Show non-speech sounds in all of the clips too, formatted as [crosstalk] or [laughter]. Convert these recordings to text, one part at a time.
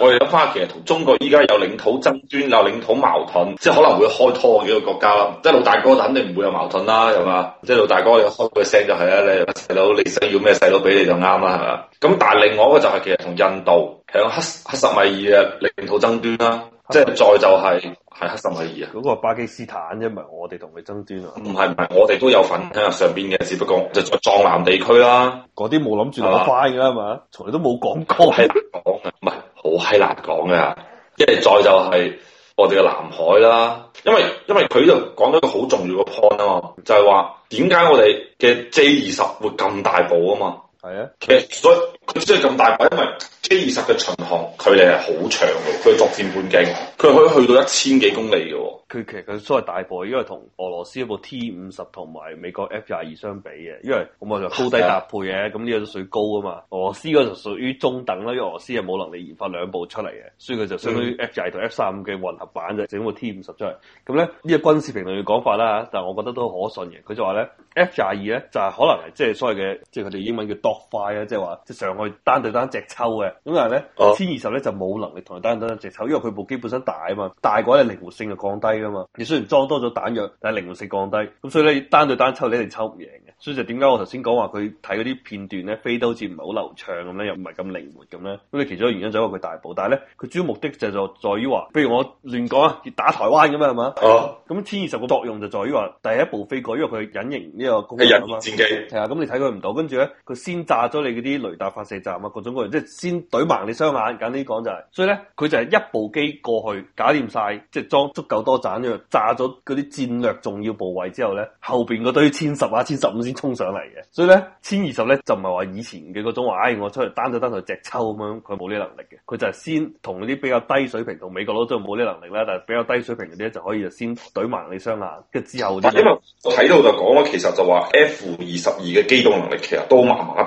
我哋諗翻，其實同中國依家有領土爭端，有領土矛盾，即係可能會開拖幾個國家啦。即係老大哥就肯定唔會有矛盾啦，係嘛？即係老大哥有開句聲就係呀，你細佬，你想要咩細佬俾你就啱啦，係嘛？咁但係另外一個就係其實同印度響克克什米爾嘅領土爭端啦，即係再就係係克什米爾啊。嗰個巴基斯坦，因為我哋同佢爭端啊。唔係唔係，我哋都有份喺上邊嘅，只不過就藏南地區啦。嗰啲冇諗住攞翻嘅係嘛？從吧來都冇講過。係講嘅唔係。好係難講嘅，一係再就係我哋嘅南海啦，因為因為佢就講咗一個好重要嘅 point 啊嘛，就係話點解我哋嘅 J 二十會咁大步啊嘛。係啊，其實所以佢先係咁大部，因為殲20嘅巡航距離係好長嘅，佢作戰半徑，佢可以去到一千幾公里嘅。佢其實佢所謂大部，因為同俄羅斯一部 T 五十同埋美國 F 廿二相比嘅，因為咁我就高低搭配嘅，咁呢個都算高啊嘛。俄羅斯嗰度就屬於中等啦，因為俄羅斯係冇能力研發兩部出嚟嘅，所以佢就相當於 F 廿二同 F 三五嘅混合版啫，整部 T 五十出嚟。咁咧呢、呢個軍事評論嘅講法啦，但係我覺得都可信嘅。佢就話咧，F 廿二咧就係可能係即係所謂嘅，即係佢哋英文叫快啊！即係話，即係上去單對單直抽嘅，咁但係咧、oh. 千二十咧就冇能力同佢單對單直抽，因為佢部機本身大啊嘛，大嘅話咧靈活性就降低啊嘛。你雖然裝多咗彈藥，但係靈活性降低，咁所以咧單對單抽你一定抽唔贏嘅。所以就點解我頭先講話佢睇嗰啲片段咧飛得好似唔係好流暢咁咧，又唔係咁靈活咁咧？咁你其中嘅原因就因為佢大部，但係咧佢主要目的就係在於話，譬如我亂講啊，打台灣咁樣係嘛？咁、oh. 千二十嘅作用就在於話第一步飛過，因為佢隱形呢個攻擊啊嘛，戰機係啊，咁你睇佢唔到，跟住咧佢先。先炸咗你嗰啲雷達發射站啊，各種各樣，即係先懟盲你雙眼，簡單啲講就係，所以咧佢就係一部機過去搞掂晒，即係裝足夠多彈，然後炸咗嗰啲戰略重要部位之後咧，後邊嗰堆千十啊千十五先衝上嚟嘅，所以咧千二十咧就唔係話以前嘅嗰種話，誒，我出嚟單對單對直抽咁樣，佢冇呢能力嘅，佢就係先同啲比較低水平同美國佬都冇呢能力啦，但係比較低水平嗰啲就可以先懟盲你雙眼跟之後。因為我睇到就講啊，其實就話 F 二十二嘅機動能力其實都麻麻。嗱嘅啫，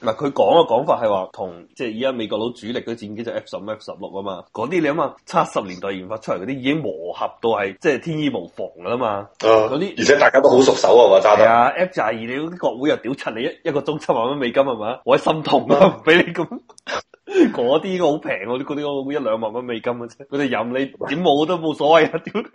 嗱佢講嘅講法係話同即係而家美國佬主力嗰幾隻戰機 F 十五、F 十六啊嘛，嗰啲你諗下七十年代研發出嚟嗰啲已經磨合到係即係天衣無縫噶啦嘛，嗰啲、啊、些而且大家都好熟手啊嘛，揸得係啊 F 二二你嗰啲國會又屌七，你一一個鐘七萬蚊美金係嘛？我心痛啊，唔俾你咁，嗰啲好平，我啲嗰啲一兩萬蚊美金嘅啫，佢哋任你點冇都冇所謂啊屌！ [laughs]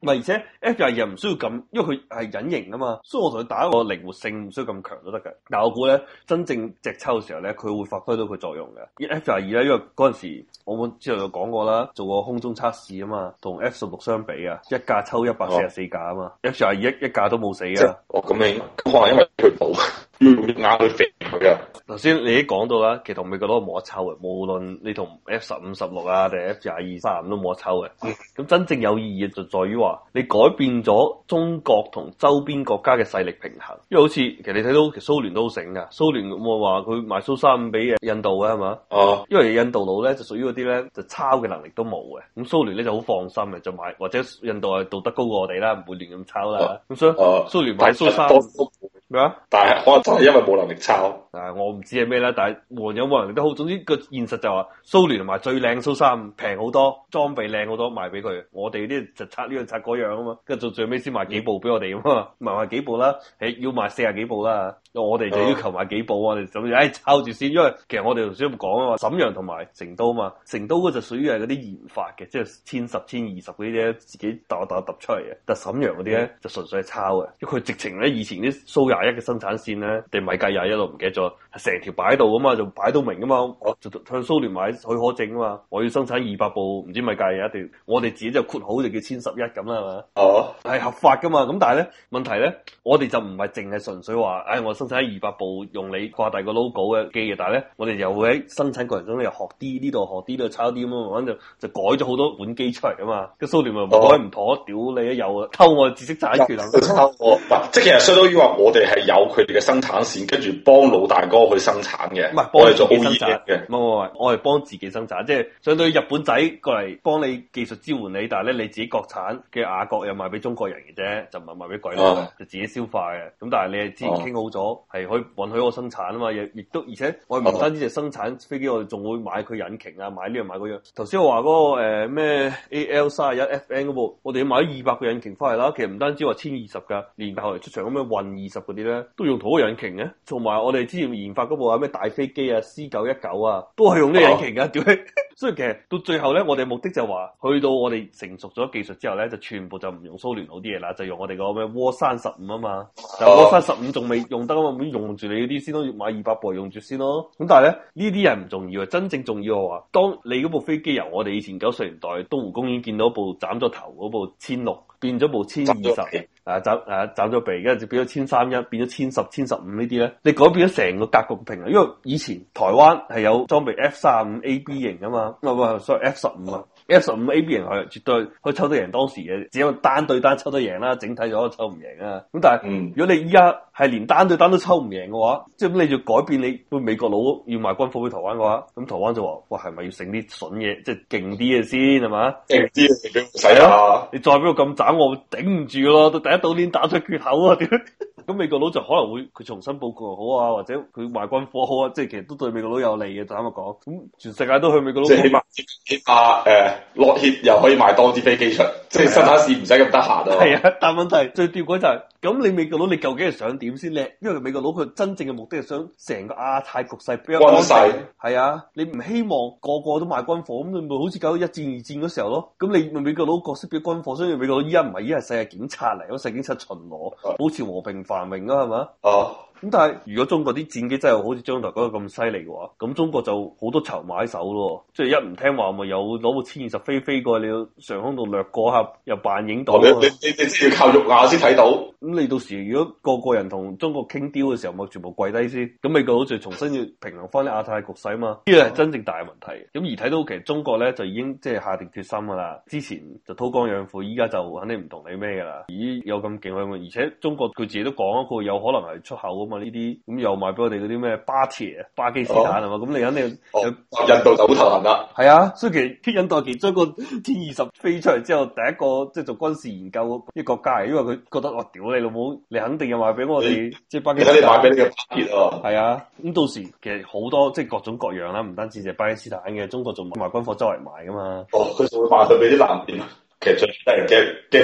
唔係，而且 F 廿二唔需要咁，因為佢係隱形噶嘛，所以我同佢打個靈活性唔需要咁強都得嘅。但我估咧，真正直抽嘅時候咧，佢會發揮到佢作用嘅。而 F 廿二咧，因為嗰陣時我之前有講過啦，做過空中測試啊嘛，同 F 十六相比啊，一架抽一百四十四架啊嘛、哦、，F 廿二一一架都冇死嘅。哦，咁你可能因為佢冇，薄，啲壓佢肥。頭先你已經講到啦，其實同美國都冇得抽嘅，無論你同 F 十五、十六啊，定係 F 廿二、卅五都冇得抽嘅。咁真正有意義嘅就在於話，你改變咗中國同周邊國家嘅勢力平衡。因為好似其實你睇到，其實蘇聯都好醒噶，蘇聯我話佢賣蘇三五俾印度嘅係嘛？哦，啊、因為印度佬咧就屬於嗰啲咧就抄嘅能力都冇嘅。咁蘇聯咧就好放心嘅，就買或者印度係道德高過我哋啦，唔會亂咁抄啦。咁所以，蘇聯買蘇三五咩啊？啊麼啊但係可能就係因為冇能力抄。啊！但我唔知係咩啦，但係換有冇人都好，總之個現實就話蘇聯同埋最靚蘇三平好多，裝備靚好多，賣俾佢。我哋啲就拆呢樣拆嗰樣啊嘛，跟住最尾先賣幾部俾我哋啊嘛，唔係咦 [laughs] 幾部啦，係要賣四十幾部啦。我哋就要求賣幾部啊，你咁樣唉抄住先，因為其實我哋頭先講啊嘛，沈陽同埋成都啊嘛，成都嗰就屬於係嗰啲研發嘅，即係千十千二十嗰啲嘢自己揼揼揼出嚟嘅，但係沈陽嗰啲咧就純粹係抄嘅，因為佢直情咧以前啲蘇廿一嘅生產線咧，定米格廿一都唔記得係成條擺到噶嘛，就擺到明噶嘛。我就向蘇聯買許可證噶嘛，我要生產二百部，唔知咪計一條我哋自己就括好就叫千十一咁啦，係、啊、嘛？哦，係合法噶嘛。咁但係咧，問題咧，我哋就唔係淨係純粹話，唉、哎，我生產二百部用你掛第二個 logo 嘅機嘅。但係咧，我哋又會喺生產過程中又學啲呢度學啲，呢度抄啲咁，反正就改咗好多本機出嚟噶嘛。跟蘇聯咪改唔妥，屌、啊啊、你又偷我知識產權 [laughs] 啊？唔偷我，即係 [laughs] 其實相當於話，我哋係有佢哋嘅生產線，跟住幫老。大哥去生產嘅唔係，我係做 OEM 嘅，我我我係幫自己生產，即係相對日本仔過嚟幫你技術支援你，但係咧你自己國產嘅雅閣又賣俾中國人嘅啫，就唔係賣俾鬼佬，啊、就自己消化嘅。咁但係你係之前傾好咗，係、啊、可以允許我生產啊嘛，亦亦都而且我唔單止係生產飛機，啊、我哋仲會買佢引擎啊，買呢、這、樣、個、買嗰、這、樣、個。頭先、那個、我話嗰、那個咩、呃、AL 三十一 FN 嗰部，我哋要買二百個引擎翻嚟啦。其實唔單止話千二十架，連後來出場咁樣運二十嗰啲咧，都用同一個引擎嘅。同埋我哋要研發嗰部啊咩大飛機啊 C 九一九啊，都係用呢引擎噶，oh. [laughs] 所以其實到最後咧，我哋目的就係話，去到我哋成熟咗技術之後咧，就全部就唔用蘇聯嗰啲嘢啦，就用我哋個咩渦扇十五啊嘛，但係渦扇十五仲未用得啊嘛，咁用住你啲先都、啊、要買二百部用住先咯、啊。咁但係咧呢啲人唔重要，啊，真正重要嘅話，當你嗰部飛機由我哋以前九十年代東湖公園見到部斬咗頭嗰部千六，變咗部千二十。啊走啊走咗鼻，跟住就變咗殲三一，變咗殲十、殲十五呢啲咧，你改變咗成個格局平啊。因為以前台灣係有裝備 F 三五 A、B 型啊嘛，唔、啊、係所以 F 十五啊。S 五 A B 型佢絕對可以抽到贏，當時嘅只有單對單抽到贏啦，整體咗抽唔贏啊。咁但係如果你依家係連單對單都抽唔贏嘅話，嗯、即係咁你就改變你對美國佬要賣軍火俾台灣嘅話，咁台灣就話：哇，係咪要整啲筍嘢，即係勁啲嘅先係嘛？勁啲使啊！你再俾我咁斬，我頂唔住咯，到第一島鏈打出缺口啊，點！ [laughs] 咁美國佬就可能會佢重新報告好啊，或者佢賣軍火好啊，即係其實都對美國佬有利嘅，就咁講。咁全世界都去美國佬即係起碼，起碼誒落血又可以賣多啲飛機出。 [laughs] 即係生產線唔使咁得閒啊嘛。係啊，但問題最屌嗰就係。咁你美國佬你究竟係想點先呢？因為美國佬佢真正嘅目的係想成個亞太局勢比較安曬係。係啊，你唔希望個個都賣軍火，咁你咪好似搞一戰二戰嗰時候咯。咁你美國佬角色嘅軍火，所以美國佬依家唔係依家係世界警察嚟，個世界警察巡邏，保持和平繁榮啊，係咪？哦、啊。咁但係如果中國啲戰機真係好似張導嗰個咁犀利嘅話，咁中國就好多籌買手咯。即係一唔聽話咪有攞部千二十飛飛過你要上空度掠過下，又扮影到、哦、到。你你你知要靠肉眼先睇到？咁你到時如果個個人同中國傾釣嘅時候，咪全部跪低先，咁美國佬就好似重新要平衡翻啲亞太局勢啊嘛，呢個係真正大問題。咁而睇到其實中國咧就已經即係下定決心噶啦，之前就韜光養晦，依家就肯定唔同你咩噶啦，咦，有咁勁啊嘛。而且中國佢自己都講一個有可能係出口啊嘛呢啲，咁又賣俾我哋嗰啲咩巴鐵啊、巴基斯坦啊嘛，咁你肯定、啊有啊、印度就好頭痕啦。係啊，所以其實印度其實將個殲二十飛出嚟之後，第一個即係、就是、做軍事研究啲國家嚟，因為佢覺得我屌。你老母，你肯定又賣俾我哋，你即係巴基斯坦。其實你賣俾你嘅巴結啊。係啊，咁到時其實好多即係各種各樣啦，唔單止就係巴基斯坦嘅，中國仲賣軍火周圍賣噶嘛。哦，佢仲會賣去俾啲南邊啊。其實最得人驚，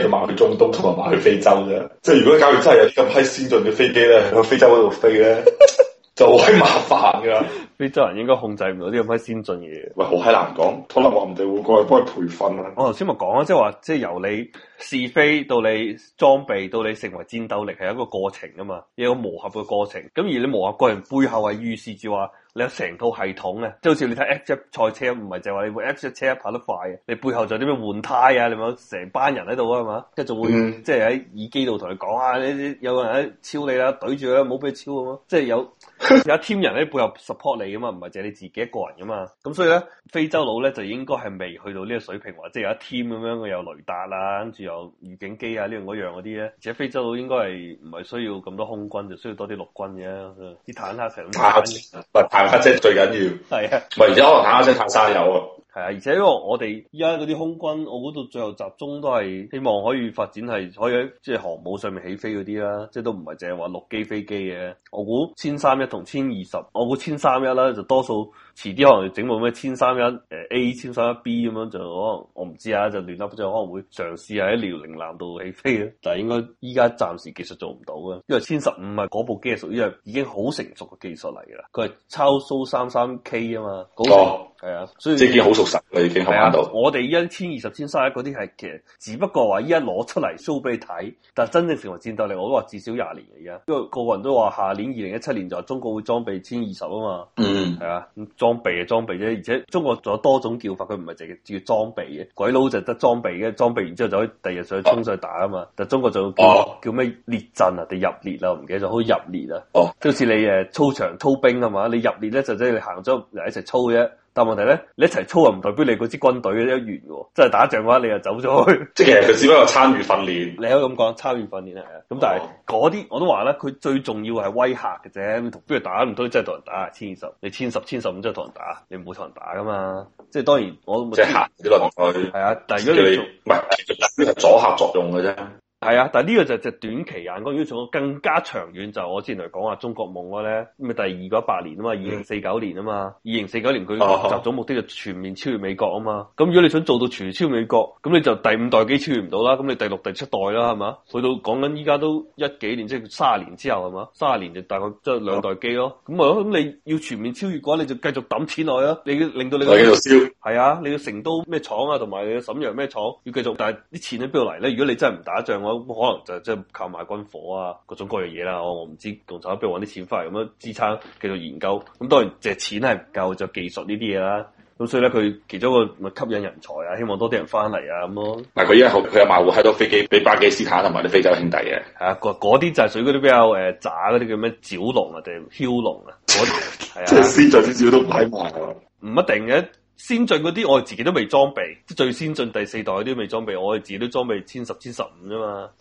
驚佢賣去中東，同埋賣去非洲啫。即係如果假如真係有啲咁先進嘅飛機咧，去非洲嗰度飛咧。 [laughs] 就好麻煩噶，非洲 [laughs] 人應該控制唔到啲咁閪先進嘢。 [laughs] 喂，好閪難講，可能話唔定會過去幫佢培訓啦。我頭先咪講啊，即係話，即、就、係、是、由你試飛到你裝備，到你成為戰鬥力係一個過程啊嘛，有磨合嘅過程。咁而你磨合個人背後係預示住話。你有成套系統嘅、啊，即係好似你睇 x p p 即賽車，唔係淨係話你部 x p 車跑得快嘅，你背後就有啲咩換胎啊？你咪成班人喺度、嗯、係嘛，即係仲會即係喺耳機度同佢講啊！ [laughs] 有有個人喺超你啦，懟住啦，唔好俾佢超咁，即係有有一 team 人喺背後 support 你噶嘛，唔係淨係你自己一個人噶嘛。咁所以咧，非洲佬咧就應該係未去到呢個水平，或者有一 team 咁樣，佢有雷達啦，跟住有預警機啊，呢、啊、樣嗰樣嗰啲咧。而且非洲佬應該係唔係需要咁多空軍，就需要多啲陸軍嘅，啲坦克成排打。打家姐最緊要，係啊的，唔係而家可能打家姐太生油。啊。係啊，而且因為我我哋依家嗰啲空軍，我估到最後集中都係希望可以發展係可以喺即係航母上面起飛嗰啲啦，即係都唔係淨係話陸基飛機嘅。我估殲三一同殲二十，我估殲三一啦，就多數遲啲可能整部咩殲三一誒 A 殲三一 B 咁樣就可能我唔知啊，就亂咁就可能會嘗試喺遼寧艦度起飛咯。但係應該依家暫時技術做唔到嘅，因為殲十五啊，嗰部機係屬於係已經好成熟嘅技術嚟噶啦，佢係抄蘇三三 K 啊嘛，嗰、那個。哦係啊，所以即係好熟實，你已經喺度。我哋依一殲二十、殲三一，嗰啲係其實只不過話依一攞出嚟 show 俾你睇，但係真正成為戰鬥力，我都話至少廿年嘅。而家因為個個人都話下年二零一七年就話中國會裝備殲二十啊嘛。嗯，係啊，裝備就裝備啫，而且中國仲有多種叫法，佢唔係淨係叫裝備嘅。鬼佬就得裝備嘅，裝備然之後就可以第日上去衝上去打啊嘛。但中國仲叫、哦、叫咩列陣啊定入列啊？唔記得咗，好入列啊就。哦，好似你誒操場操兵啊嘛，你入列咧就即你行咗嚟一齊操啫。但問題咧，你一齊操又唔代表你嗰支軍隊一完喎，真係打仗嘅話，你又走咗去。即係佢只不過參與訓練，你可以咁講，參與訓練係啊。咁但係嗰啲我都話咧，佢最重要係威吓嘅啫。同邊度打唔通真係同人打，千十你千十千十五真係同人打，你唔好同人打噶嘛。即係當然我都冇。即係吓啲落去。係啊，但係如果你唔係，主要係阻吓作用嘅啫。係啊，但係呢個就就短期眼光。如果想更加長遠，就我之前嚟講話中國夢咧，咁咪第二嗰一百年啊嘛，二零四九年啊嘛，二零四九年佢終極目的就全面超越美國啊嘛。咁如果你想做到全面超越美國，咁你就第五代機超越唔到啦，咁你第六、第七代啦，係嘛？去到講緊依家都一幾年，即係卅年之後係嘛？卅年就大概即係兩代機咯。咁咪咯，咁你要全面超越嘅話，你就繼續抌錢落去啦。你要令到你繼續燒，係啊。你要成都咩廠啊，同埋你嘅瀋陽咩廠要繼續，但係啲錢喺邊度嚟咧？如果你真係唔打仗。可能就即係購買軍火啊，各種各樣嘢啦。我唔知共產黨如搵啲錢翻嚟咁樣支撐繼續研究。咁當然借錢係唔夠，就技術呢啲嘢啦。咁所以咧，佢其中一個咪吸引人才啊，希望多啲人翻嚟啊咁咯。嗱，佢因為佢有賣戶喺多飛機俾巴基斯坦同埋啲非洲兄弟嘅。係啊，嗰啲就係屬於嗰啲比較誒渣嗰啲叫咩？沼龍啊定係梟龍啊？係啊，即係先在啲少都唔賣喎。唔一定嘅。先進嗰啲，我哋自己都未裝備，最先進第四代嗰啲未裝備，我哋自己都裝備殲十殲十五啫嘛。